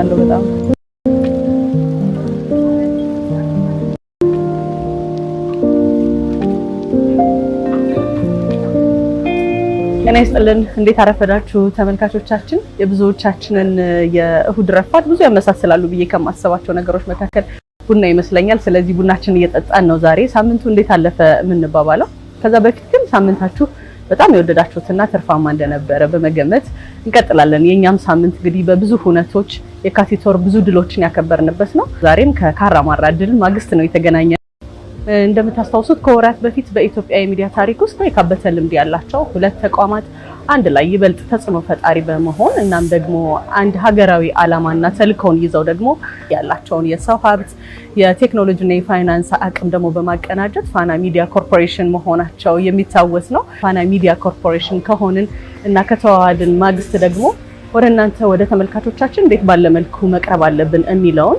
አመሰግናለሁ በጣም። ጤና ይስጥልን። እንዴት አረፈዳችሁ ተመልካቾቻችን? የብዙዎቻችንን የእሁድ ረፋድ ብዙ ያመሳስላሉ ብዬ ከማሰባቸው ነገሮች መካከል ቡና ይመስለኛል። ስለዚህ ቡናችን እየጠጣን ነው ዛሬ ሳምንቱ እንዴት አለፈ የምንባባለው። ከዛ በፊት ግን ሳምንታችሁ በጣም የወደዳችሁትና ትርፋማ እንደነበረ በመገመት እንቀጥላለን። የእኛም ሳምንት እንግዲህ በብዙ ሁነቶች የካቲት ወር ብዙ ድሎችን ያከበርንበት ነው። ዛሬም ከካራ ማራ ድል ማግስት ነው የተገናኘ። እንደምታስታውሱት ከወራት በፊት በኢትዮጵያ የሚዲያ ታሪክ ውስጥ የካበተ ልምድ ያላቸው ሁለት ተቋማት አንድ ላይ ይበልጥ ተጽዕኖ ፈጣሪ በመሆን እናም ደግሞ አንድ ሀገራዊ ዓላማና ተልእኮውን ይዘው ደግሞ ያላቸውን የሰው ሀብት የቴክኖሎጂና የፋይናንስ አቅም ደግሞ በማቀናጀት ፋና ሚዲያ ኮርፖሬሽን መሆናቸው የሚታወስ ነው። ፋና ሚዲያ ኮርፖሬሽን ከሆንን እና ከተዋሃድን ማግስት ደግሞ ወደ እናንተ ወደ ተመልካቾቻችን እንዴት ባለ መልኩ መቅረብ አለብን የሚለውን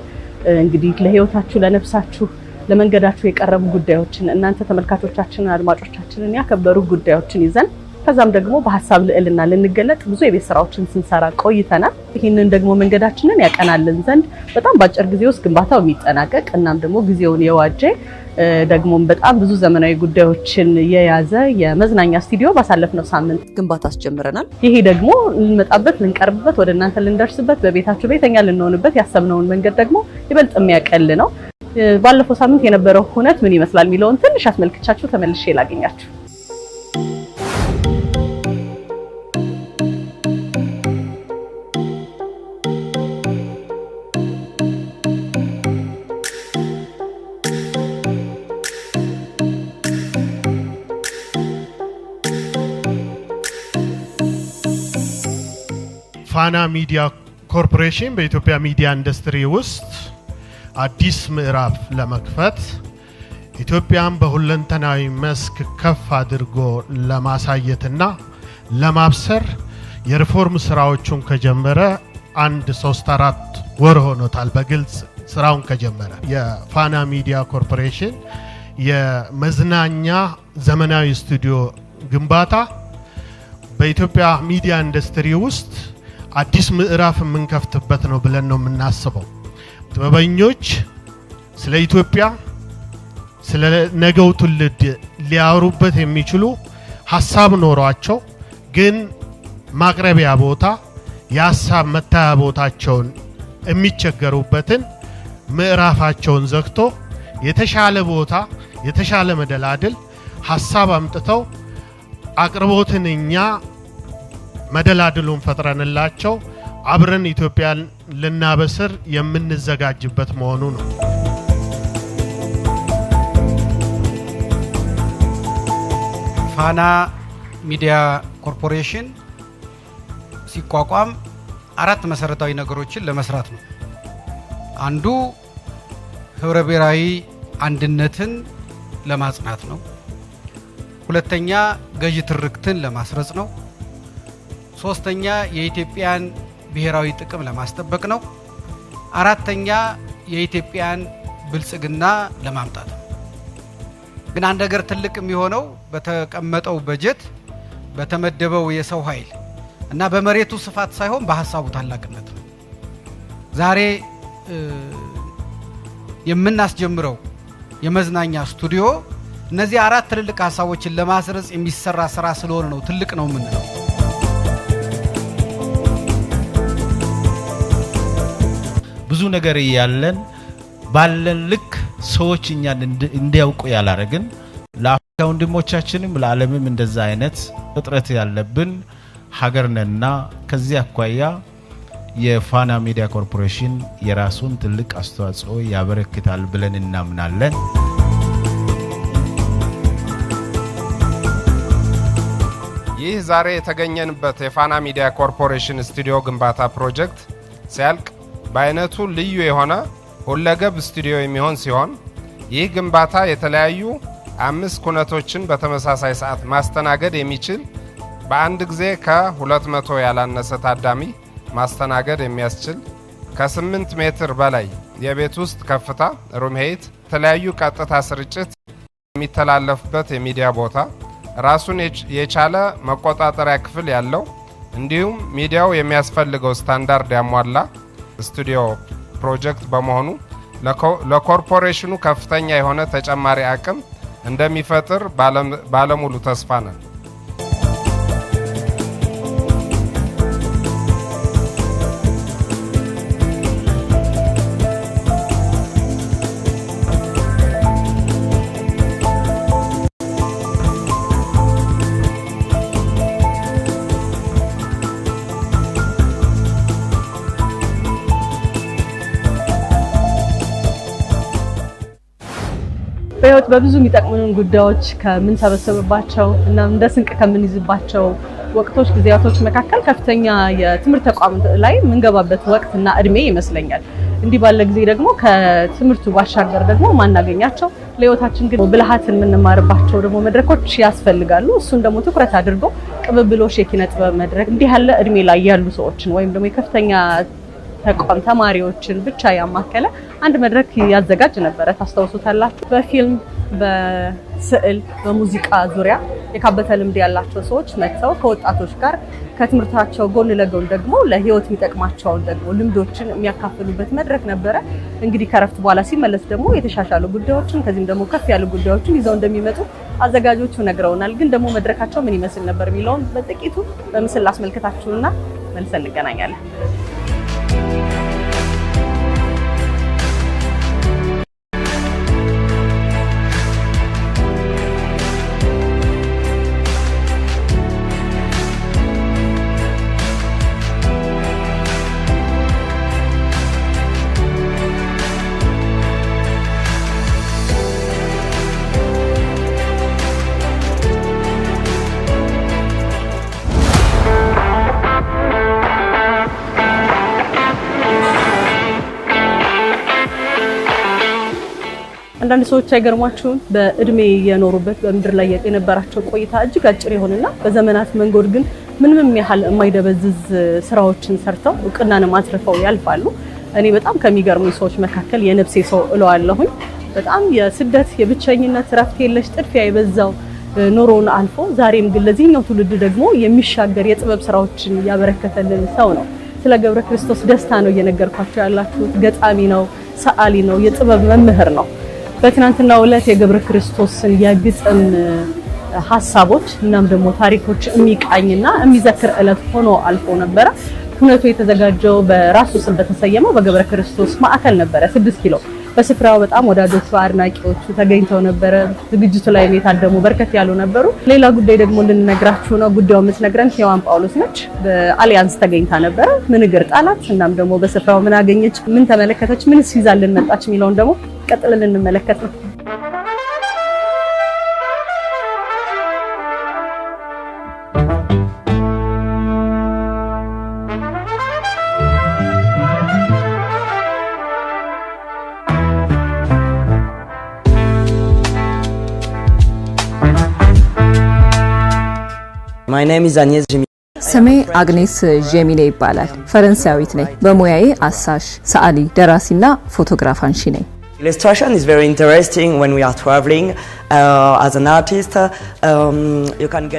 እንግዲህ ለህይወታችሁ፣ ለነፍሳችሁ፣ ለመንገዳችሁ የቀረቡ ጉዳዮችን እናንተ ተመልካቾቻችንን አድማጮቻችንን ያከበሩ ጉዳዮችን ይዘን ከዛም ደግሞ በሀሳብ ልዕልና ልንገለጥ ብዙ የቤት ስራዎችን ስንሰራ ቆይተናል። ይህንን ደግሞ መንገዳችንን ያቀናልን ዘንድ በጣም በአጭር ጊዜ ውስጥ ግንባታው የሚጠናቀቅ እናም ደግሞ ጊዜውን የዋጀ ደግሞም በጣም ብዙ ዘመናዊ ጉዳዮችን የያዘ የመዝናኛ ስቱዲዮ ባሳለፍነው ሳምንት ግንባታ አስጀምረናል። ይሄ ደግሞ ልንመጣበት፣ ልንቀርብበት፣ ወደ እናንተ ልንደርስበት፣ በቤታችሁ ቤተኛ ልንሆንበት ያሰብነውን መንገድ ደግሞ ይበልጥ የሚያቀል ነው። ባለፈው ሳምንት የነበረው ሁነት ምን ይመስላል የሚለውን ትንሽ አስመልክቻችሁ ተመልሼ ላገኛችሁ። ፋና ሚዲያ ኮርፖሬሽን በኢትዮጵያ ሚዲያ ኢንዱስትሪ ውስጥ አዲስ ምዕራፍ ለመክፈት ኢትዮጵያን በሁለንተናዊ መስክ ከፍ አድርጎ ለማሳየትና ለማብሰር የሪፎርም ስራዎቹን ከጀመረ አንድ ሶስት አራት ወር ሆኖታል። በግልጽ ስራውን ከጀመረ የፋና ሚዲያ ኮርፖሬሽን የመዝናኛ ዘመናዊ ስቱዲዮ ግንባታ በኢትዮጵያ ሚዲያ ኢንዱስትሪ ውስጥ አዲስ ምዕራፍ የምንከፍትበት ነው ብለን ነው የምናስበው። ጥበበኞች ስለ ኢትዮጵያ፣ ስለ ነገው ትውልድ ሊያወሩበት የሚችሉ ሀሳብ ኖሯቸው ግን ማቅረቢያ ቦታ የሀሳብ መታያ ቦታቸውን የሚቸገሩበትን ምዕራፋቸውን ዘግቶ የተሻለ ቦታ የተሻለ መደላድል ሀሳብ አምጥተው አቅርቦትን እኛ መደላድሉን ፈጥረንላቸው አብረን ኢትዮጵያን ልናበስር የምንዘጋጅበት መሆኑ ነው። ፋና ሚዲያ ኮርፖሬሽን ሲቋቋም አራት መሰረታዊ ነገሮችን ለመስራት ነው። አንዱ ህብረ ብሔራዊ አንድነትን ለማጽናት ነው። ሁለተኛ ገዢ ትርክትን ለማስረጽ ነው። ሶስተኛ የኢትዮጵያን ብሔራዊ ጥቅም ለማስጠበቅ ነው። አራተኛ የኢትዮጵያን ብልጽግና ለማምጣት ነው። ግን አንድ ነገር ትልቅ የሚሆነው በተቀመጠው በጀት በተመደበው የሰው ኃይል እና በመሬቱ ስፋት ሳይሆን በሀሳቡ ታላቅነት ነው። ዛሬ የምናስጀምረው የመዝናኛ ስቱዲዮ እነዚህ አራት ትልልቅ ሀሳቦችን ለማስረጽ የሚሰራ ስራ ስለሆነ ነው ትልቅ ነው የምንለው። ብዙ ነገር እያለን ባለን ልክ ሰዎች እኛን እንዲያውቁ ያላረግን ለአፍሪካ ወንድሞቻችንም ለዓለምም እንደዛ አይነት እጥረት ያለብን ሀገር ነንና ከዚህ አኳያ የፋና ሚዲያ ኮርፖሬሽን የራሱን ትልቅ አስተዋጽኦ ያበረክታል ብለን እናምናለን። ይህ ዛሬ የተገኘንበት የፋና ሚዲያ ኮርፖሬሽን ስቱዲዮ ግንባታ ፕሮጀክት ሲያልቅ በአይነቱ ልዩ የሆነ ሁለገብ ስቱዲዮ የሚሆን ሲሆን ይህ ግንባታ የተለያዩ አምስት ኩነቶችን በተመሳሳይ ሰዓት ማስተናገድ የሚችል በአንድ ጊዜ ከ200 ያላነሰ ታዳሚ ማስተናገድ የሚያስችል ከ8 ሜትር በላይ የቤት ውስጥ ከፍታ ሩም የተለያዩ ቀጥታ ስርጭት የሚተላለፍበት የሚዲያ ቦታ ራሱን የቻለ መቆጣጠሪያ ክፍል ያለው እንዲሁም ሚዲያው የሚያስፈልገው ስታንዳርድ ያሟላ ስቱዲዮ ፕሮጀክት በመሆኑ ለኮርፖሬሽኑ ከፍተኛ የሆነ ተጨማሪ አቅም እንደሚፈጥር ባለሙሉ ተስፋ ነን። በብዙ የሚጠቅሙን ጉዳዮች ከምንሰበሰብባቸው እና እንደ ስንቅ ከምንይዝባቸው ወቅቶች፣ ጊዜያቶች መካከል ከፍተኛ የትምህርት ተቋም ላይ የምንገባበት ወቅት እና እድሜ ይመስለኛል። እንዲህ ባለ ጊዜ ደግሞ ከትምህርቱ ባሻገር ደግሞ ማናገኛቸው ለህይወታችን ግን ብልሃትን የምንማርባቸው ደግሞ መድረኮች ያስፈልጋሉ። እሱን ደግሞ ትኩረት አድርጎ ቅብብሎሽ የኪነ ጥበብ መድረክ እንዲህ ያለ እድሜ ላይ ያሉ ሰዎችን ወይም ደግሞ የከፍተኛ ተቋም ተማሪዎችን ብቻ ያማከለ አንድ መድረክ ያዘጋጅ ነበረ። ታስታውሱታላችሁ። በፊልም በስዕል፣ በሙዚቃ ዙሪያ የካበተ ልምድ ያላቸው ሰዎች መጥተው ከወጣቶች ጋር ከትምህርታቸው ጎን ለጎን ደግሞ ለህይወት የሚጠቅማቸውን ደግሞ ልምዶችን የሚያካፍሉበት መድረክ ነበረ። እንግዲህ ከረፍት በኋላ ሲመለስ ደግሞ የተሻሻሉ ጉዳዮችን ከዚህም ደግሞ ከፍ ያሉ ጉዳዮችን ይዘው እንደሚመጡ አዘጋጆቹ ነግረውናል። ግን ደግሞ መድረካቸው ምን ይመስል ነበር የሚለውን በጥቂቱ በምስል ላስመልክታችሁና መልሰን እንገናኛለን። አንዳንድ ሰዎች አይገርሟችሁም? በእድሜ የኖሩበት በምድር ላይ የነበራቸው ቆይታ እጅግ አጭር የሆነና በዘመናት መንገድ ግን ምንም ያህል የማይደበዝዝ ስራዎችን ሰርተው እውቅናንም አትርፈው ያልፋሉ። እኔ በጣም ከሚገርሙ ሰዎች መካከል የነፍሴ ሰው እለዋለሁኝ። በጣም የስደት የብቸኝነት ረፍት የለሽ ጥድፊያ የበዛው ኑሮውን አልፎ ዛሬም ግን ለዚህኛው ትውልድ ደግሞ የሚሻገር የጥበብ ስራዎችን ያበረከተልን ሰው ነው። ስለ ገብረ ክርስቶስ ደስታ ነው እየነገርኳቸው ያላችሁት። ገጣሚ ነው፣ ሰዓሊ ነው፣ የጥበብ መምህር ነው። በትናንትናው ዕለት የገብረ ክርስቶስን የግጥም ሀሳቦች እናም ደግሞ ታሪኮች የሚቃኝና የሚዘክር ዕለት ሆኖ አልፎ ነበረ። ሁነቱ የተዘጋጀው በራሱ ስም በተሰየመው በገብረ ክርስቶስ ማዕከል ነበረ 6 ኪሎ በስፍራው በጣም ወዳጆቹ፣ አድናቂዎቹ ተገኝተው ነበረ። ዝግጅቱ ላይ የታደሙ በርከት ያሉ ነበሩ። ሌላ ጉዳይ ደግሞ ልንነግራችሁ ነው። ጉዳዩ የምትነግረን ሔዋን ጳውሎስ ነች። በአሊያንስ ተገኝታ ነበረ። ምን እግር ጣላት፣ እናም ደግሞ በስፍራው ምን አገኘች፣ ምን ተመለከተች፣ ምን ሲዛልን መጣች የሚለውን ደግሞ ቀጥለን እንመለከት ነው። ስሜ አግኔስ ዤሚኔ ይባላል። ፈረንሳዊት ነኝ። በሙያዬ አሳሽ፣ ሰዓሊ፣ ደራሲና ፎቶግራፍ አንሺ ነኝ።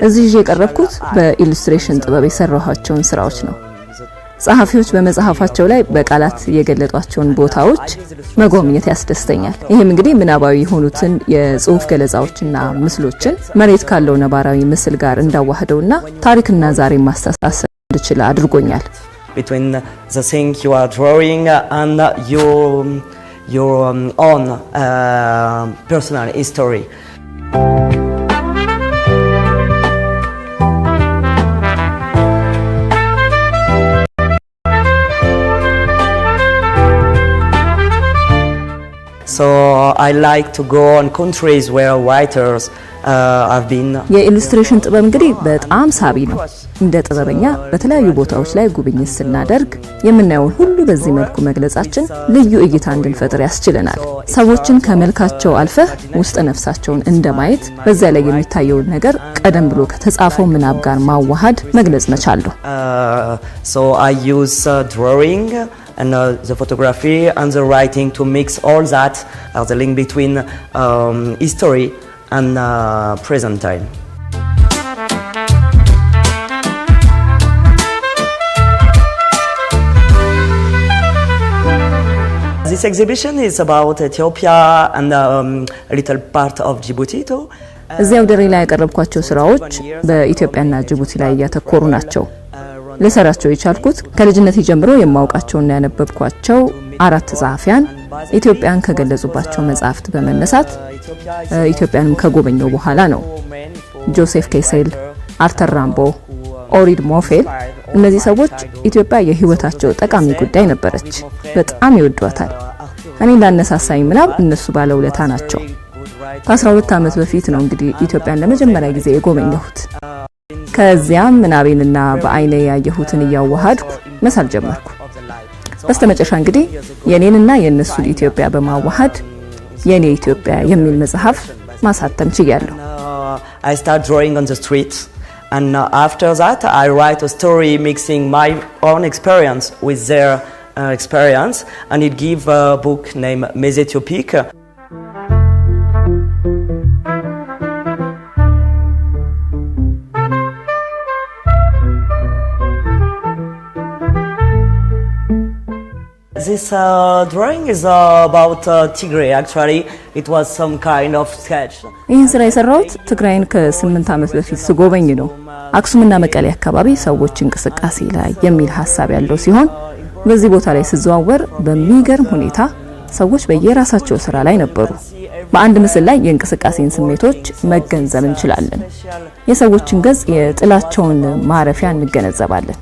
እዚህ ይዤ የቀረብኩት በኢሉስትሬሽን ጥበብ የሰራኋቸውን ስራዎች ነው። ጸሐፊዎች በመጽሐፋቸው ላይ በቃላት የገለጧቸውን ቦታዎች መጎብኘት ያስደስተኛል። ይህም እንግዲህ ምናባዊ የሆኑትን የጽሁፍ ገለጻዎችና ምስሎችን መሬት ካለው ነባራዊ ምስል ጋር እንዳዋህደውና ታሪክና ዛሬ ማስተሳሰብ እንድችል አድርጎኛል። ቢትዊን የኢሉስትሬሽን ጥበብ እንግዲህ በጣም ሳቢ ነው። እንደ ጥበበኛ በተለያዩ ቦታዎች ላይ ጉብኝት ስናደርግ የምናየውን ሁሉ በዚህ መልኩ መግለጻችን ልዩ እይታ እንድንፈጥር ያስችለናል። ሰዎችን ከመልካቸው አልፈህ ውስጥ ነፍሳቸውን እንደማየት በዚያ ላይ የሚታየውን ነገር ቀደም ብሎ ከተጻፈው ምናብ ጋር ማዋሃድ መግለጽ መቻለሁ። and uh, the photography and the writing to mix all that as the link between um, history and uh, present time. This exhibition is about Ethiopia and um, a little part of Djibouti too. እዚያ ውድሬ ላይ ያቀረብኳቸው ስራዎች በኢትዮጵያና ጅቡቲ ላይ እያተኮሩ ናቸው። ልሰራቸው የቻልኩት ከልጅነት ጀምሮ የማውቃቸውና ያነበብኳቸው አራት ጸሐፊያን ኢትዮጵያን ከገለጹባቸው መጽሐፍት በመነሳት ኢትዮጵያንም ከጎበኘው በኋላ ነው። ጆሴፍ ኬሴል፣ አርተር ራምቦ፣ ኦሪድ ሞፌል እነዚህ ሰዎች ኢትዮጵያ የህይወታቸው ጠቃሚ ጉዳይ ነበረች። በጣም ይወዷታል። እኔ ላነሳሳኝ ምናብ እነሱ ባለውለታ ናቸው። ከ12 ዓመት በፊት ነው እንግዲህ ኢትዮጵያን ለመጀመሪያ ጊዜ የጎበኘሁት። ከዚያም ምናቤንና በአይኔ ያየሁትን እያዋሃድኩ መሳል ጀመርኩ። በስተመጨረሻ እንግዲህ የኔንና የእነሱን ኢትዮጵያ በማዋሃድ የኔ ኢትዮጵያ የሚል መጽሐፍ ማሳተም ችያለሁ። I start drawing on the street and after that I write a story mixing my own experience with their uh, experience and it give a book named Mes Ethiopiques This uh, drawing is uh, about uh, Tigray. Actually, it was some kind of sketch. ይህን ስራ የሰራሁት ትግራይን ከስምንት ዓመት በፊት ስጎበኝ ነው። አክሱምና መቀሌ አካባቢ ሰዎች እንቅስቃሴ ላይ የሚል ሀሳብ ያለው ሲሆን በዚህ ቦታ ላይ ስዘዋወር በሚገርም ሁኔታ ሰዎች በየራሳቸው ስራ ላይ ነበሩ። በአንድ ምስል ላይ የእንቅስቃሴን ስሜቶች መገንዘብ እንችላለን። የሰዎችን ገጽ፣ የጥላቸውን ማረፊያ እንገነዘባለን።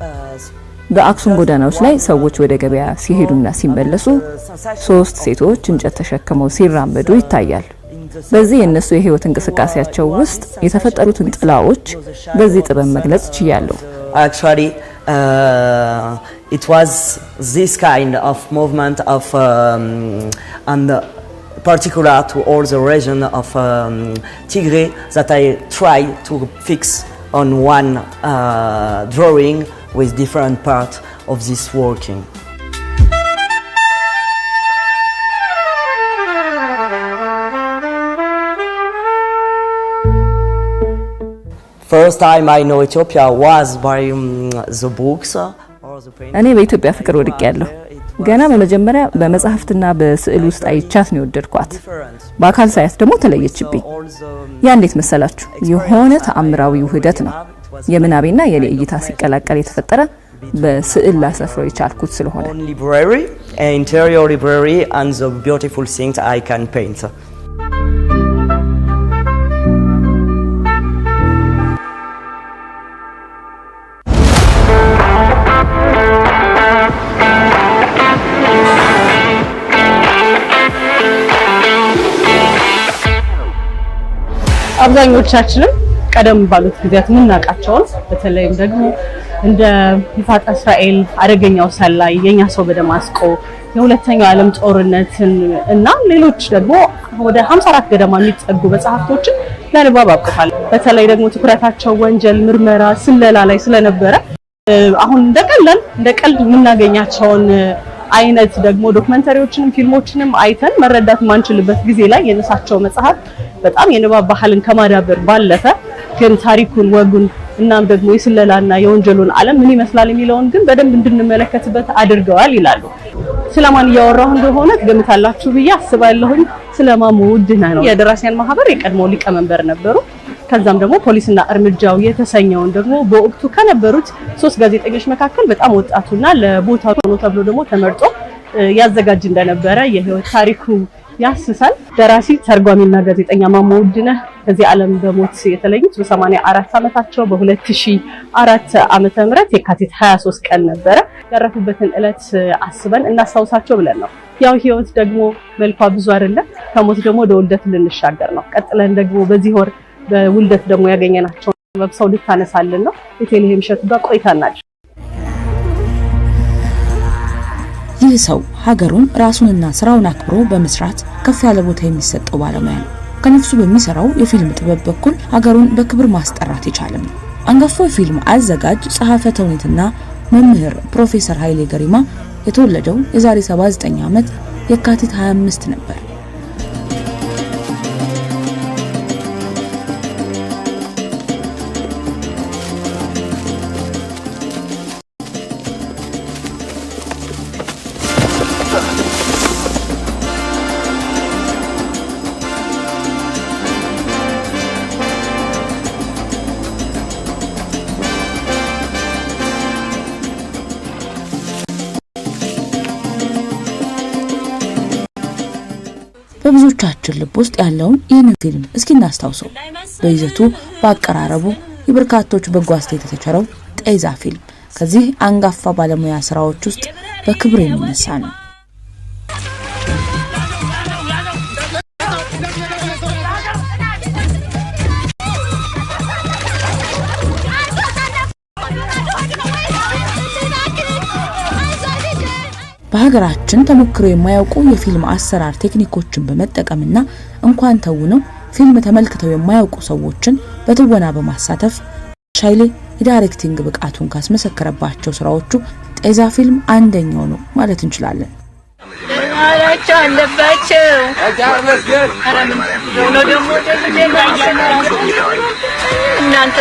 በአክሱም ጎዳናዎች ላይ ሰዎች ወደ ገበያ ሲሄዱና ሲመለሱ ሶስት ሴቶች እንጨት ተሸክመው ሲራመዱ ይታያል። በዚህ የእነሱ የህይወት እንቅስቃሴያቸው ውስጥ የተፈጠሩትን ጥላዎች በዚህ ጥበብ መግለጽ ችያለሁ። uh, was this kind of movement of um, and አንድ particular to all the region of um, Tigray that I try to fix on one uh, drawing with different parts of this working. First time I know Ethiopia was by um, the books. እኔ በኢትዮጵያ ፍቅር ወድቅ ያለሁ ገና በመጀመሪያ በመጽሐፍትና በስዕል ውስጥ አይቻት ነው የወደድኳት። በአካል ሳያት ደግሞ ተለየችብኝ። ያ እንዴት መሰላችሁ? የሆነ ተአምራዊ ውህደት ነው። የምናቤና የኔ እይታ ሲቀላቀል የተፈጠረ በስዕል ላሰፍረው የቻልኩት ስለሆነ አብዛኞቻችንም ቀደም ባሉት ጊዜያት የምናውቃቸውን በተለይም ደግሞ እንደ ይፋት እስራኤል፣ አደገኛው ሰላይ፣ የኛ ሰው በደማስቆ የሁለተኛው ዓለም ጦርነትን እና ሌሎች ደግሞ ወደ 54 ገደማ የሚጠጉ መጽሐፍቶችን ለንባብ አብቅቷል። በተለይ ደግሞ ትኩረታቸው ወንጀል ምርመራ፣ ስለላ ላይ ስለነበረ አሁን እንደ እንደ ቀልድ የምናገኛቸውን አይነት ደግሞ ዶክመንተሪዎችንም ፊልሞችንም አይተን መረዳት ማንችልበት ጊዜ ላይ የነሳቸው መጽሐፍ በጣም የንባብ ባህልን ከማዳበር ባለፈ ግን ታሪኩን ወጉን እናም ደግሞ የስለላና የወንጀሉን ዓለም ምን ይመስላል የሚለውን ግን በደንብ እንድንመለከትበት አድርገዋል ይላሉ። ስለማን እያወራሁ እንደሆነ ትገምታላችሁ ብዬ አስባለሁኝ። ስለማሙ ውድነህ ነው። የደራሲያን ማህበር የቀድሞ ሊቀመንበር ነበሩ። ከዛም ደግሞ ፖሊስና እርምጃው የተሰኘውን ደግሞ በወቅቱ ከነበሩት ሶስት ጋዜጠኞች መካከል በጣም ወጣቱና ለቦታ ሆኖ ተብሎ ደግሞ ተመርጦ ያዘጋጅ እንደነበረ የህይወት ታሪኩ ያስሳል። ደራሲ ተርጓሚና ጋዜጠኛ ማሞ ውድነህ ከዚህ ዓለም በሞት የተለዩት በ84 ዓመታቸው በ2004 ዓመተ ምህረት የካቲት 23 ቀን ነበረ። ያረፉበትን ዕለት አስበን እናስታውሳቸው ብለን ነው። ያው ህይወት ደግሞ መልኳ ብዙ አይደለም። ከሞት ደግሞ ወደ ውልደት ልንሻገር ነው። ቀጥለን ደግሞ በዚህ ወር በውልደት ደግሞ ያገኘናቸው መብሰው ልታነሳልን ነው። የቴሌ ምሸቱ ጋር ቆይታ ናቸው ይህ ሰው ሀገሩን ራሱንና ስራውን አክብሮ በመስራት ከፍ ያለ ቦታ የሚሰጠው ባለሙያ ነው። ከነፍሱ በሚሰራው የፊልም ጥበብ በኩል ሀገሩን በክብር ማስጠራት የቻለም ነው። አንጋፋው የፊልም አዘጋጅ ጸሐፈ ተውኔትና መምህር ፕሮፌሰር ኃይሌ ገሪማ የተወለደው የዛሬ 79 ዓመት የካቲት 25 ነበር። በብዙዎቻችን ልብ ውስጥ ያለውን ይህንን ፊልም እስኪ እናስታውሰው። በይዘቱ በአቀራረቡ የበርካቶች በጎ አስተያየት የተቸረው ጤዛ ፊልም ከዚህ አንጋፋ ባለሙያ ስራዎች ውስጥ በክብር የሚነሳ ነው። በሀገራችን ተሞክረው የማያውቁ የፊልም አሰራር ቴክኒኮችን በመጠቀምና እንኳን ተውነው ፊልም ተመልክተው የማያውቁ ሰዎችን በትወና በማሳተፍ ሻይሌ የዳይሬክቲንግ ብቃቱን ካስመሰከረባቸው ስራዎቹ ጤዛ ፊልም አንደኛው ነው ማለት እንችላለን። እናንተ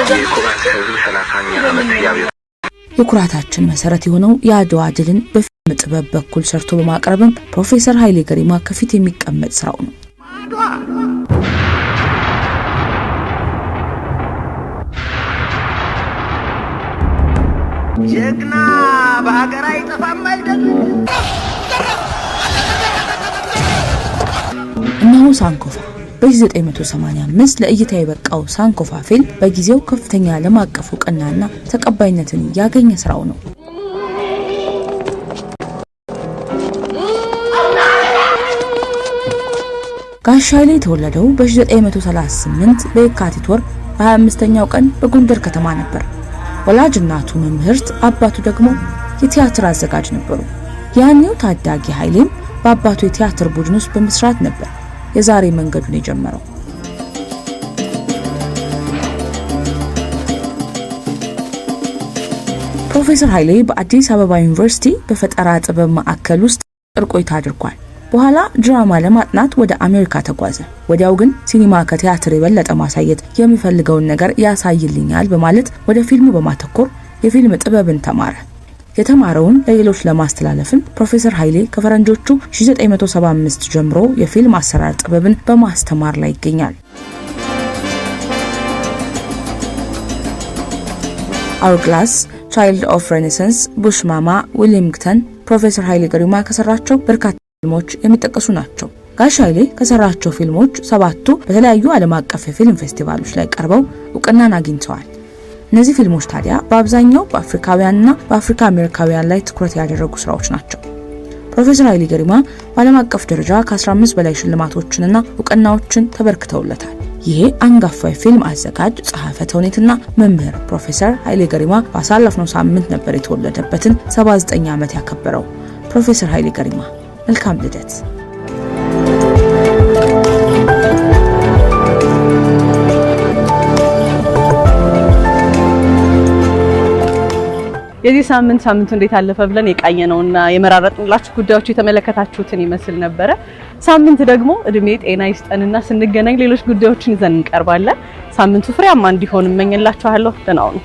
የኩራታችን መሰረት የሆነው የአድዋ ድልን በፊልም ጥበብ በኩል ሰርቶ በማቅረብም ፕሮፌሰር ኃይሌ ገሪማ ከፊት የሚቀመጥ ስራው ነው። ጀግና በሀገር አይጠፋም አይደል? እነሆ ሳንኮፋ በ1985 ለእይታ የበቃው ሳንኮፋ ፊልም በጊዜው ከፍተኛ ዓለም አቀፍ እውቅናና ተቀባይነትን ያገኘ ስራው ነው። ጋሻይሌ የተወለደው በ1938 በየካቲት ወር በ25ኛው ቀን በጎንደር ከተማ ነበር። ወላጅ እናቱ መምህርት፣ አባቱ ደግሞ የቲያትር አዘጋጅ ነበሩ። ያኔው ታዳጊ ኃይሌም በአባቱ የቲያትር ቡድን ውስጥ በመስራት ነበር የዛሬ መንገዱን የጀመረው። ፕሮፌሰር ኃይሌ በአዲስ አበባ ዩኒቨርሲቲ በፈጠራ ጥበብ ማዕከል ውስጥ ጥር ቆይታ አድርጓል። በኋላ ድራማ ለማጥናት ወደ አሜሪካ ተጓዘ። ወዲያው ግን ሲኒማ ከቲያትር የበለጠ ማሳየት የሚፈልገውን ነገር ያሳይልኛል በማለት ወደ ፊልሙ በማተኮር የፊልም ጥበብን ተማረ። የተማረውን ለሌሎች ለማስተላለፍም ፕሮፌሰር ኃይሌ ከፈረንጆቹ 1975 ጀምሮ የፊልም አሰራር ጥበብን በማስተማር ላይ ይገኛል። አውርግላስ፣ ቻይልድ ኦፍ ሬኔሰንስ፣ ቡሽማማ፣ ዊሊምግተን ፕሮፌሰር ኃይሌ ገሪማ ከሰራቸው በርካታ ፊልሞች የሚጠቀሱ ናቸው። ጋሽ ኃይሌ ከሰራቸው ፊልሞች ሰባቱ በተለያዩ ዓለም አቀፍ የፊልም ፌስቲቫሎች ላይ ቀርበው እውቅናን አግኝተዋል። እነዚህ ፊልሞች ታዲያ በአብዛኛው በአፍሪካውያንና በአፍሪካ አሜሪካውያን ላይ ትኩረት ያደረጉ ስራዎች ናቸው። ፕሮፌሰር ኃይሌ ገሪማ በዓለም አቀፍ ደረጃ ከ15 በላይ ሽልማቶችንና እውቅናዎችን ተበርክተውለታል። ይሄ አንጋፋ የፊልም አዘጋጅ ጸሐፌ ተውኔትና መምህር ፕሮፌሰር ኃይሌ ገሪማ ባሳለፍነው ሳምንት ነበር የተወለደበትን 79 ዓመት ያከበረው። ፕሮፌሰር ኃይሌ ገሪማ መልካም ልደት። የዚህ ሳምንት ሳምንቱ እንዴት አለፈ ብለን የቃኘነውና የመራረጥንላችሁ ጉዳዮች የተመለከታችሁትን ይመስል ነበረ። ሳምንት ደግሞ እድሜ ጤና ይስጠንና ስንገናኝ ሌሎች ጉዳዮችን ይዘን እንቀርባለን። ሳምንቱ ፍሬያማ እንዲሆን እመኝላችኋለሁ። ደህና ሁኑ።